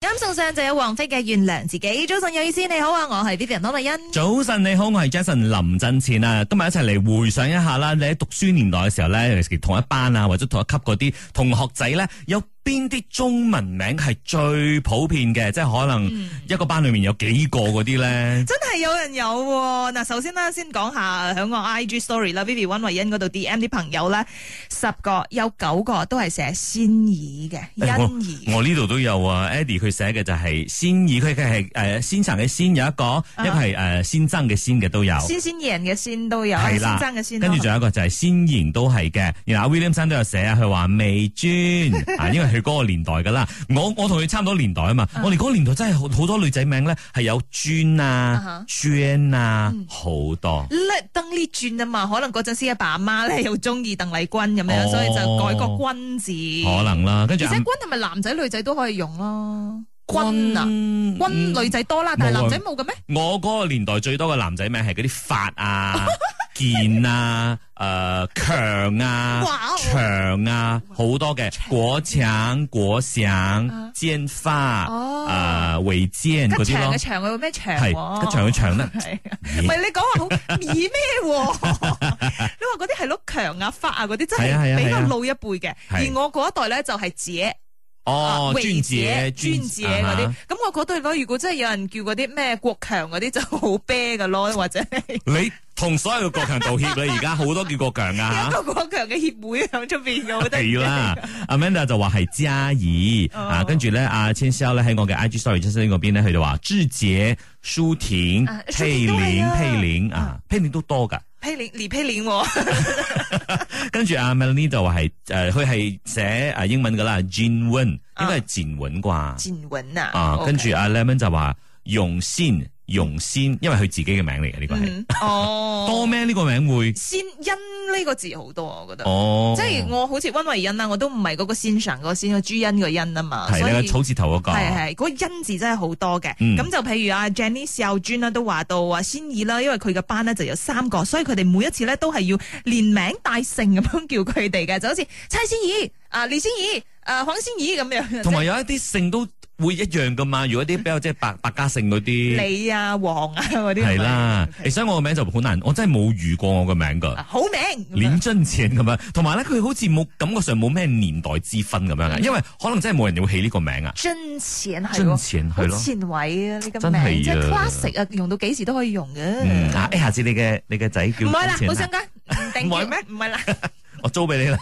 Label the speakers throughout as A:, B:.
A: 咁送上就有王菲嘅原諒自己。早晨有意思，你好啊，我係 B 人多麗欣。
B: 早晨你好，我係 Jason 林振前啊，今日一齊嚟，回想一下啦。你喺讀書年代嘅時候咧，尤其係同一班啊，或者同一級嗰啲同學仔咧有。邊啲中文名係最普遍嘅？即係可能一個班裏面有幾個嗰啲咧？
A: 真係有人有嗱、啊，首先啦、啊，先講下響我 I G Story 啦吧，Vivian 惠欣嗰度 D M 啲朋友咧，十個有九個都係寫先怡嘅，欣怡、哎。
B: 我呢度都有啊，Eddie 佢寫嘅就係先怡，佢佢係誒先層嘅先有一個，啊、一個係誒先增嘅先嘅都有。先
A: 先言嘅先都有。係啦，先增嘅先。啊、先先跟住仲
B: 有一個就係先言都係嘅，然後 Williamson 都有寫，佢話未尊啊，因為嗰個年代噶啦，我我同佢差唔多年代啊嘛，我哋嗰個年代真係好好多女仔名咧，係有娟啊、娟啊，好多。
A: 咧，鄧麗君啊嘛，可能嗰陣時阿爸阿媽咧又中意鄧麗君咁樣，所以就改個君字。可能啦，跟住而且君係咪男仔女仔都可以用咯？君啊，君女仔多啦，但係男仔冇嘅咩？
B: 我嗰個年代最多嘅男仔名係嗰啲發啊、健啊。誒，強啊，強啊，好多嘅果橙、果想、煎花，誒，為煎啊嗰啲咯。強嘅
A: 強，佢個咩強？係，強嘅強咧。係，唔係你講話好以咩？你話嗰啲係碌強啊、花啊嗰啲，真係比較老一輩嘅。而我嗰一代咧就係姐，
B: 哦，專姐、專姐嗰啲。
A: 咁我覺得如果如果真係有人叫嗰啲咩國強嗰啲，就好啤噶咯，或者
B: 你。同所有國強道歉啦！而家好多叫國強啊。嚇，
A: 國強嘅協會喺出邊我好得啦
B: ，Amanda 就話係嘉怡啊，跟住咧阿千宵咧喺我嘅 I G story 最新嗰邊咧，佢就話志杰、舒婷、佩玲、佩玲啊，佩玲都多噶，
A: 佩玲你佩玲。
B: 跟住阿 Melinda 話係誒，佢係寫英文㗎啦，Jean Wen，應該係賤文啩，賤
A: 文啊。啊，跟住
B: 阿 Lemon 就話永信。容仙，因為佢自己嘅名嚟嘅呢個哦，多咩呢個名會
A: 仙因呢個字好多我覺得，哦，即係我好似溫慧欣啦，我都唔係嗰個先上嗰、那個仙，個朱茵個茵啊嘛，係啦，草
B: 字頭嗰、那個，係係
A: 嗰個茵字真係好多嘅，咁、嗯、就譬如阿 Jenny Shaw Jun 啦，都話到啊仙兒啦，因為佢嘅班咧就有三個，所以佢哋每一次咧都係要連名帶姓咁樣叫佢哋嘅，就好似蔡仙兒、阿、呃、李仙兒、阿、呃、黃仙兒咁樣，同埋有
B: 一啲姓都。會一樣噶嘛？如果啲比較即係百百家姓嗰啲，李
A: 啊、王啊嗰啲，係啦。
B: 所以我個名就好難，我真係冇遇過我個名噶，好名，連真錢咁樣。同埋咧，佢好似冇感覺上冇咩年代之分咁樣嘅，因為可能真係冇人要起呢個名啊。
A: 真錢係，真錢係咯，前衛啊呢個名，即係 classic 啊，用到幾時都可以用嘅。嗯，
B: 哎，下次你嘅你嘅仔叫真錢，我想
A: 緊唔係咩？唔係啦，
B: 我租俾你啦。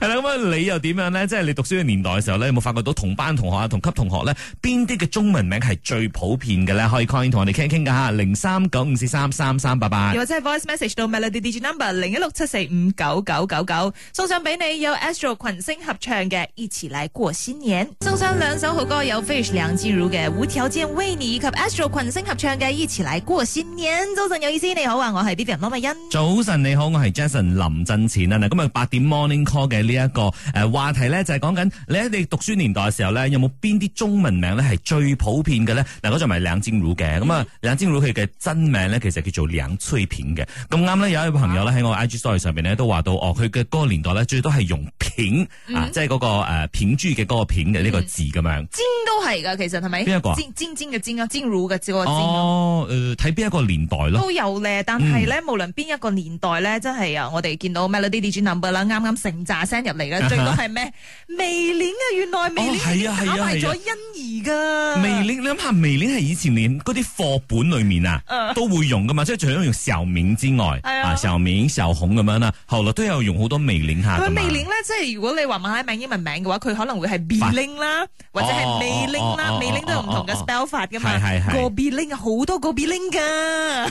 B: 係啦，咁啊、嗯，你又點樣咧？即係你讀書嘅年代嘅時候咧，你有冇發覺到同班同學啊、同級同學咧，邊啲嘅中文名係最普遍嘅咧？可以 call 同我哋傾傾噶吓，零三九五四三三三八八，又或者
A: 係 voice message 到 melody DJ number 零一六七四五九九九九，送上俾你有 Astro 群星合唱嘅一起來過新年，送上兩首好歌，有 Fish 梁靜茹嘅無條件為你，以及 Astro 群星合唱嘅一起來過新年。早晨有意思，你好啊，我係 i n 媽咪欣。
B: 早晨你好，我係 Jason 林振前啊。嗱，今日八點 morning 嘅呢一個話題咧，就係、是、講緊你喺你讀書年代嘅時候咧，有冇邊啲中文名咧係最普遍嘅咧？嗱、那個，嗰仲咪梁靜茹嘅咁啊？梁靜茹佢嘅真名咧，其實叫做梁翠萍嘅。咁啱咧，有一位朋友咧喺我 IG story 上邊咧都話到哦，佢嘅嗰個年代咧最多係用萍、嗯、啊，即係嗰、那個萍、呃、珠嘅嗰個萍嘅呢個字咁樣。
A: 靜、嗯、都係噶，其實係咪？邊一個？嘅靜啊，靜茹嘅個靜。靜靜啊、
B: 哦，睇、呃、邊一個年代咯？都有咧，但係咧，無
A: 論邊一個年代咧，嗯、真係啊，我哋見到 Melody 啦，啱啱炸聲入嚟啦！最多係咩？美玲啊，原來美玲打壞咗欣兒噶。美
B: 玲你諗下，美玲係以前連嗰啲課本裏面啊，都會用噶嘛，即係除咗用小明之外，啊，小明、小紅咁樣啦，後來都有用好多美玲下。佢美玲
A: 咧，即係如果你話馬來名、英文名嘅話，佢可能會係 Bee Ling 啦，或者係 Mei Ling 啦，Mei Ling 係呀，Mei Ling 都有唔同嘅 spell 法噶嘛，個 Bee Ling 好多個 Bee Ling 噶。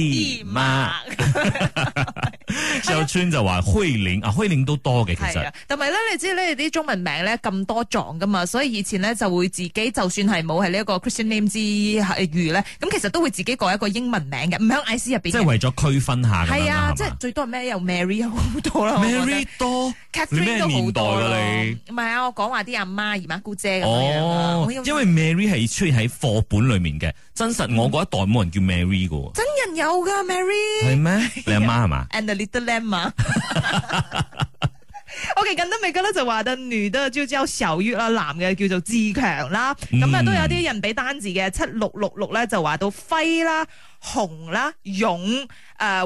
B: 姨媽，就話虛領啊，虛都多嘅其實，
A: 同埋咧，你知呢啲中文名咧咁多撞噶嘛，所以以前咧就會自己，就算係冇係呢一個 Christian name 之餘咧，咁其實都會自己改一個英文名嘅，唔響 IC 入邊。即係為
B: 咗區分下，係啊，
A: 即係最多咩又 Mary 有好多啦，Mary 多 c a t h e r 多。咩年代啊你？唔係啊，我講話啲阿媽姨媽姑姐咁樣因為
B: Mary 係出喺課本裏面嘅，真實我嗰一代冇人叫 Mary 噶。
A: 真人有。Oh, Mary 係咩？
B: 你阿媽係嘛
A: ？And the little lamb okay。OK，咁都每個咧就話，的女的就叫小月啦，男嘅叫做志強啦。咁啊、嗯，嗯、都有啲人俾單字嘅，七六六六咧就話到輝啦、紅啦、勇、誒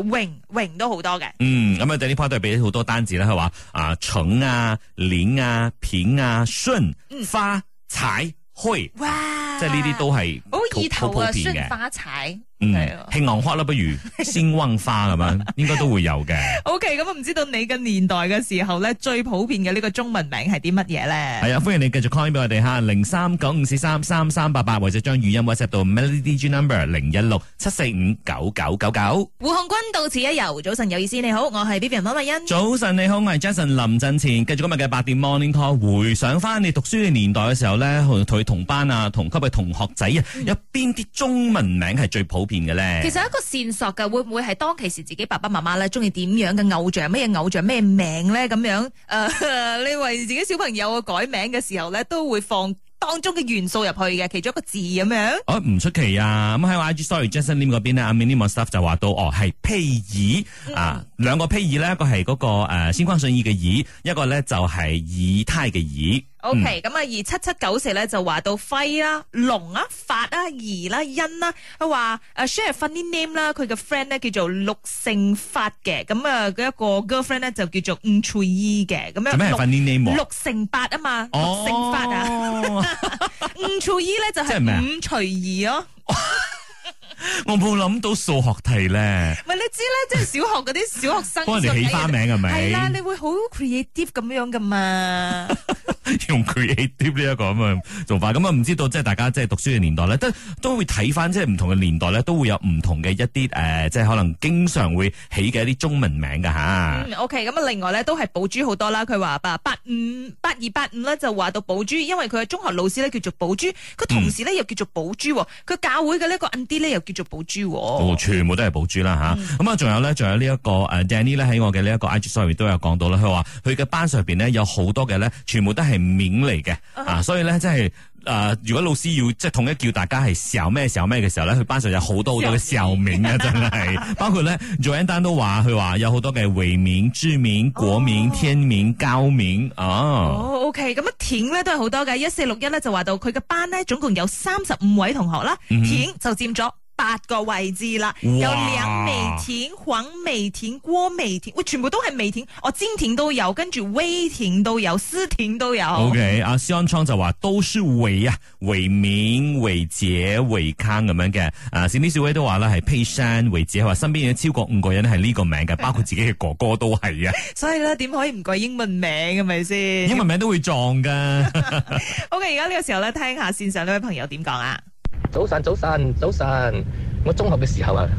A: 榮榮都好多嘅。嗯，
B: 咁啊，第啲 part 都係俾咗好多單字啦，係話啊重啊、鏈啊、片啊、順、啊啊啊啊嗯、花」彩、「花彩哇、開、啊，即係呢啲都係好意好頭啊，順花彩。順花彩。嗯，慶安花啦，不如仙翁花咁樣，應該都會有嘅。
A: O K，咁啊，唔知道你嘅年代嘅時候咧，最普遍嘅呢個中文名係啲乜嘢咧？
B: 係啊，歡迎你繼續 call 俾我哋吓，零三九五四三三三八八，或者將語音 WhatsApp 到 Melody G Number 零一六七四五九九九九。
A: 胡漢軍到此一遊，早晨有意思，你好，我係 B B 方麗欣。
B: 早晨你好，我係 Jason 林振前。繼續今日嘅八點 Morning Call，回想翻你讀書嘅年代嘅時候咧，同佢同班啊、同級嘅同學仔啊，有邊啲中文名係最普遍？其實一
A: 個線索噶，會唔會係當其時自己爸爸媽媽咧中意點樣嘅偶像，乜嘢偶像，咩名咧咁樣？誒、呃，你為自己小朋友改名嘅時候咧，都會放當中嘅元素入去嘅，其中一個字咁樣、哦啊
B: um。哦，唔出奇啊！咁喺我 I G Story Justin Lim 嗰邊咧，阿 Minimor Staff 就話到哦，係披爾啊，兩個披爾咧，一個係嗰、那個誒、呃，先關信義嘅義，一個咧就係以太嘅爾。
A: O.K. 咁啊，而七七九四咧就話到輝啦、龍啊、發啊、啊、怡啦、啊、欣啦、啊，佢話啊 share funny name 啦，佢嘅 friend 咧叫做六成發嘅，咁啊佢一個 girlfriend 咧就叫做五除二嘅，咁樣。做咩係 funny name？六乘八啊嘛，oh! 六成發啊。 五除二咧就係五除二哦。
B: 我冇諗到數學題咧，
A: 唔係你知咧，即係小學嗰啲小學生幫人哋起花名係咪？係啊，你會好 creative 咁樣噶嘛？
B: 用 creative 呢一個咁嘅做法，咁啊唔知道即係大家即係讀書嘅年代咧，都都會睇翻即係唔同嘅年代咧，都會有唔同嘅一啲誒，即係可能經常會起嘅一啲中文名噶吓。
A: OK 咁啊，另外咧都係寶珠好多啦。佢話八八五八二八五咧就話到寶珠，因為佢係中學老師咧叫做寶珠，佢同時咧又叫做寶珠，佢教會嘅呢個又叫做寶珠、哦哦，
B: 全部都係寶珠啦吓。咁、嗯、啊，仲有咧，仲有呢一、這個誒、呃、，Danny 咧喺我嘅呢一個 Ig Story 都有講到啦。佢話佢嘅班上邊咧有好多嘅咧，全部都係名嚟嘅啊。所以咧，真係誒、呃，如果老師要即係統一叫大家係小咩小咩嘅時候咧，佢班上有好多好多嘅小名嘅，真係。 包括咧 Joan d 都話佢話有好多嘅回名、朱名、果名、哦、天名、交名啊。哦，
A: 哦，OK，咁樣田咧都係好多嘅。一四六一咧就話到佢嘅班咧總共有三十五位同學啦，田、嗯、哼就佔咗。八個位置啦，有梁美婷、黃美婷、郭美婷，喂，全部都係美婷，哦，尖婷都有，跟住威婷都有，私婷都有。OK，
B: 阿肖安窗就話都是為啊，偉明、偉杰、偉康咁樣嘅。啊，身邊小位都話啦係 Peachan 偉杰，話身邊有超過五個人係呢個名嘅，包括自己嘅哥哥都係啊。
A: 所以咧，點可以唔改英文名嘅？係咪先，英文名都會撞噶。OK，而家呢個時候咧，聽下線上呢位朋友點講啊。早晨，早晨，早晨！
B: 我中學嘅時候啊，啊，啊，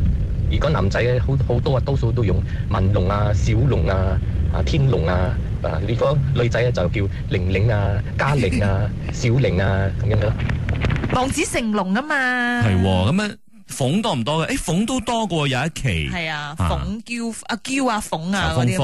B: 如果男仔啊，好好多啊，多數都用文龍啊、小龍啊、啊天龍啊，啊如果女仔啊就叫玲玲啊、嘉玲啊、小玲啊咁樣咯。
A: 望子成龍啊嘛。係，咁。
B: 鳳多唔多嘅？誒，鳳都多過有一期。
A: 係啊，鳳嬌阿嬌啊，鳳啊啲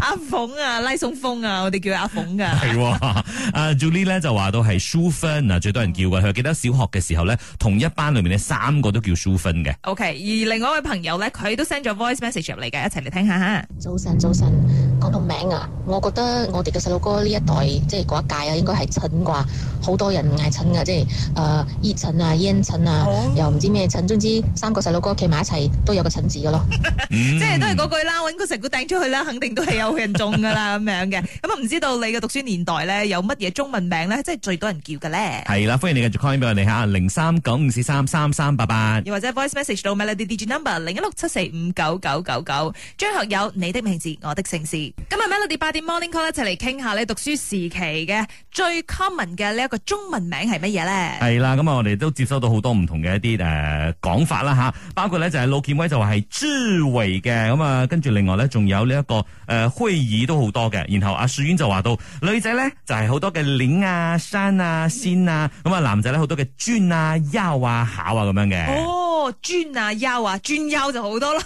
A: 阿鳳啊，拉松風啊，我哋叫阿鳳噶。係。
B: 阿 Julie 咧就話到係 Sufen 啊，最多人叫嘅。佢記得小學嘅時候咧，同一班裏面咧三個都叫 Sufen 嘅。
A: OK，而另外一位朋友咧，佢都 send 咗 voice message 入嚟嘅，一齊嚟聽下吓。早晨，早晨。講到名啊，我覺得我哋嘅細路哥呢一代，即係嗰一屆，呃、啊，應該係襯啩，好多人嗌襯噶，即係誒，熱襯啊，煙襯啊，oh. 又唔知咩襯，總之三個細路哥企埋一齊都有個襯字嘅咯。 嗯、即係都係嗰句啦，揾個石鼓掟出去啦，肯定都係有人中噶啦咁 樣嘅。咁啊，唔知道你嘅讀書年代咧，有乜嘢中文名咧，即係最多人叫嘅咧？
B: 係啦，歡迎你繼續 call in 俾我哋吓，零三九五四三三三八八，
A: 又或者 voice message 到 Melody Digi number 零一六七四五九九九九，張學友，你的名字，我的姓氏。今日咧，我哋八點 morning call 一齊嚟傾下你讀書時期嘅最 common 嘅呢一個中文名係乜嘢咧？
B: 係啦，咁啊，我哋都接收到好多唔同嘅一啲誒講法啦吓，包括咧就係老建威就話係朱偉嘅，咁啊，跟住另外咧仲有呢、這、一個誒虛擬都好多嘅，然後阿穗院就話到女仔咧就係好多嘅鏈啊、山啊、仙啊，咁啊男仔咧好多嘅專啊、優啊、考啊咁樣嘅。哦，
A: 專啊、優啊、專優就好多啦，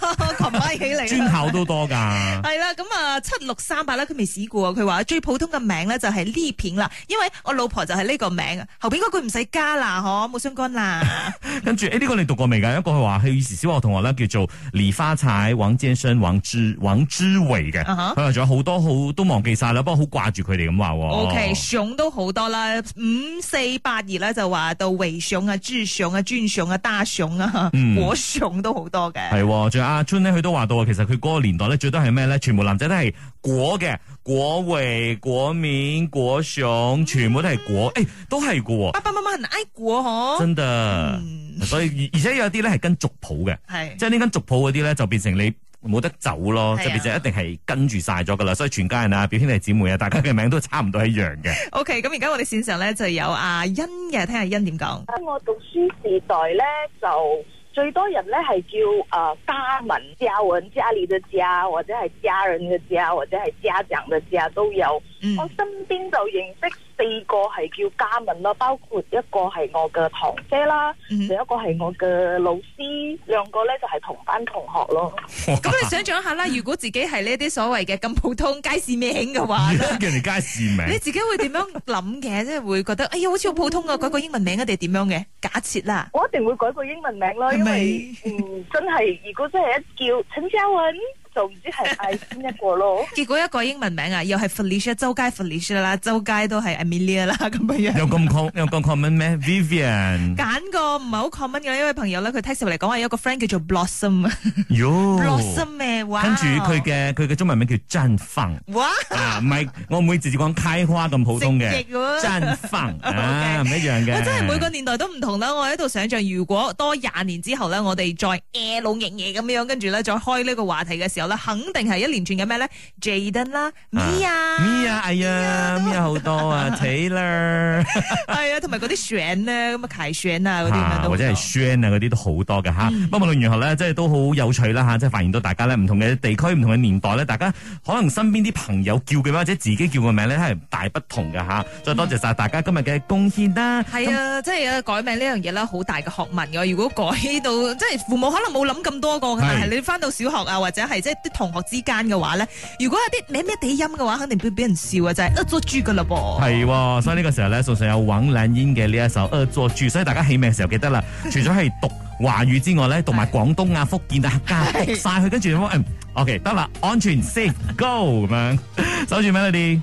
A: 起嚟。專考
B: 都多噶。係
A: 啦，咁啊七。六三百啦，佢未試過。佢話最普通嘅名咧就係、是、呢片啦，因為我老婆就係呢個名啊。後邊嗰句唔使加啦，可冇相干啦。 跟住誒，
B: 呢、欸這個你讀過未噶？一個佢話佢以前小學同學咧，叫做李花彩、王 Jason 王之王之偉嘅。佢話仲有好多好都忘記晒啦，不過好掛住佢哋咁話。O K，
A: 想都好多啦，五四八二咧就話到唯上啊、朱上啊、專上啊、大上啊，我上、嗯、都好多嘅。
B: 係、哦，仲有阿、啊、春呢，佢都話到其實佢嗰個年代咧，最多係咩咧？全部男仔都係。國嘅國偉、國明、國雄，全部都係國，誒、嗯哎，都係國。爸
A: 爸媽媽很愛國嗬，真
B: 的。嗯、所以而且有啲咧係跟族譜嘅，係是，即係呢跟族譜嗰啲咧就變成你冇得走咯，啊、就變成一定係跟住晒咗噶啦。所以全家人啊、表兄弟姐妹啊，大家嘅名都差唔多係一樣嘅。
A: O K，咁而家我哋線上咧就有阿欣嘅，聽下欣點講。我讀書時代咧就。最多人咧係叫啊、呃、家文家文，家裏的家，或者係家人嘅家，或者係家長嘅家都有，嗯、我身邊就認識。四個係叫嘉敏咯，包括一個係我嘅堂姐啦，另、嗯、一個係我嘅老師，兩個咧就係同班同學咯。咁 你想象一下啦，如果自己係呢啲所謂嘅咁普通街市名嘅話咧，叫嚟
B: 街市名，
A: 你自己會點樣諗嘅？即係 會覺得哎呀，好似好普通啊！嗯、改個英文名一定係點樣嘅？假設啦，我一定會改個英文名咯，是是因為嗯，真係如果真係一叫陳嘉敏。.就唔知係係邊一個咯？結果一個英文名啊，又係 Felicia，周街 Felicia 啦，周街都係 Amelia 啦咁
B: 樣。有咁狂，有咁 common 咩？Vivian
A: 揀個唔係好 common 嘅呢位朋友咧，佢聽小麗講話有個 friend 叫做 Blossom 啊。
B: 喲，Blossom 咩？跟住佢嘅佢嘅中文名叫真風哇，唔係我唔會直接講開花咁普通嘅
A: 真風啊，唔一樣嘅。真係每個年代都唔同啦。我喺度想象，如果多廿年之後咧，我哋再誒老嘢嘢咁樣，跟住咧再開呢個話題嘅時。肯定係一連串嘅咩咧？Jaden 啦，Mia 啊
B: ，Mia 啊，Mia，哎呀，Mia Mia 好多啊，Taylor，
A: 係啊，同埋嗰啲 Shawn 咧，咁啊，Kay Shawn 啊，嗰啲或者係
B: Shawn 啊，嗰啲都好多㗎吓。嗯、不過，無論如何咧，即係都好有趣啦吓、啊，即係發現到大家咧唔同嘅地區、唔同嘅年代咧，大家可能身邊啲朋友叫嘅或者自己叫嘅名咧係大不同㗎吓。再、啊、多謝晒大家今日嘅貢獻啦。係、
A: 嗯、那啊，即係改名呢樣嘢咧，好大嘅學問嘅。如果改到、嗯、即係父母可能冇諗咁多個，是但係你翻到小學啊，或者係係。一啲同學之間嘅話咧，如果有啲咩咩地音嘅話，肯定會俾人笑呀，就係呃咗豬噶啦噃。
B: 係，所以呢個時候咧，仲上有尹冷煙嘅呢一首呃咗豬，所以大家起名嘅時候記得啦。 除咗係讀華語之外咧， 讀埋廣東啊、福建啊，客家，熟曬佢， 跟住點講？O K，得啦，安全先，Go 咁樣，守住 m e l